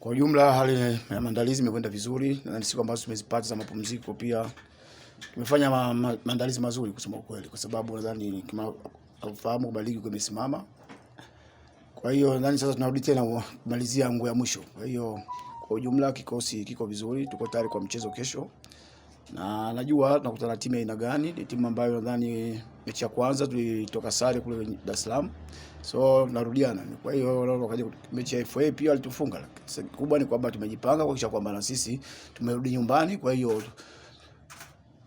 Kwa ujumla hali ya maandalizi imekwenda vizuri, na siku ambazo tumezipata za mapumziko pia tumefanya ma, ma, maandalizi mazuri kusema ukweli, kwa sababu nadhani kama ufahamu kwamba ligi imesimama. Kwa hiyo nadhani sasa tunarudi tena kumalizia nguo ya mwisho. Kwa hiyo kwa ujumla kikosi kiko vizuri, tuko tayari kwa mchezo kesho na najua nakutana timu ya aina gani. Ni timu ambayo nadhani mechi ya kwanza tulitoka sare kule Dar es Salaam, so narudiana. Kwa hiyo wakaja mechi ya FA pia walitufunga. Kubwa ni kwamba tumejipanga kuhakikisha kwamba na sisi tumerudi nyumbani. Kwa hiyo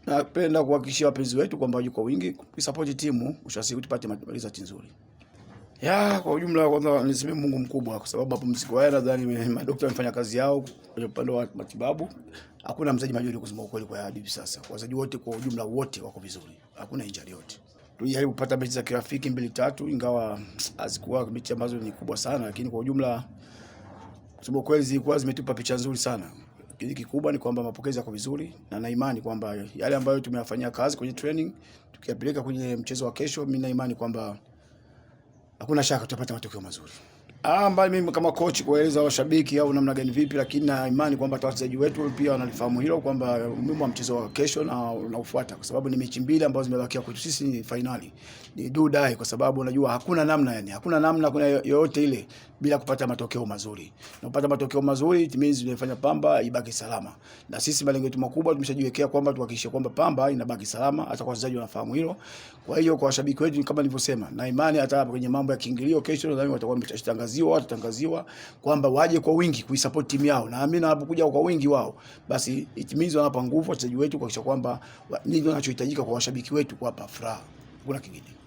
napenda kuhakikishia wapenzi wetu kwamba waju kwa wingi kuisapoti timu, mwisho wa tupate matokeo nzuri. Ya, kwa ujumla kwanza nisemee Mungu mkubwa kwa sababu hapo msiko wao nadhani madaktari wamefanya kazi yao kwa upande wa matibabu. Hakuna mzaji majuri kusema ukweli kwa hadi sasa. Wazaji wote kwa ujumla wote wako vizuri. Hakuna injury yote. Tulijaribu kupata mechi za kirafiki mbili tatu ingawa hazikuwa mechi ambazo ni kubwa sana lakini kwa ujumla kusema kweli zilikuwa zimetupa picha nzuri sana. Kile kikubwa ni kwamba mapokezi yako vizuri na na imani kwamba yale ambayo tumeyafanyia kazi kwenye training tukiyapeleka kwenye mchezo wa kesho, mimi na imani kwamba hakuna shaka tutapata matokeo mazuri. Ah, mbali mimi kama coach kuwaeleza washabiki au namna gani vipi, lakini na imani kwamba wachezaji wetu pia wanalifahamu hilo kwamba umuhimu wa mchezo wa kesho na unaofuata, kwa sababu ni mechi mbili ambazo zimebakia kwetu sisi, ni finali, ni do die, kwa sababu unajua hakuna namna yani, hakuna namna kuna yoyote ile bila kupata matokeo mazuri. Na kupata matokeo mazuri it means tunafanya pamba ibaki salama. Na sisi malengo yetu makubwa tumeshajiwekea kwamba tuhakikishe kwamba pamba inabaki salama, hata kwa wachezaji wanafahamu hilo. Kwa hiyo kwa washabiki wetu kama nilivyosema, na imani hata hapa kwenye mambo ya kiingilio kesho nadhani watakuwa wametangaziwa, watatangaziwa kwamba waje kwa wingi kuisupport timu yao. Na amini wanapokuja kwa wingi wao, basi it means wanapa nguvu wachezaji wetu kuhakikisha kwamba ndio kinachohitajika kwa washabiki wetu kuwapa furaha. Kuna kingine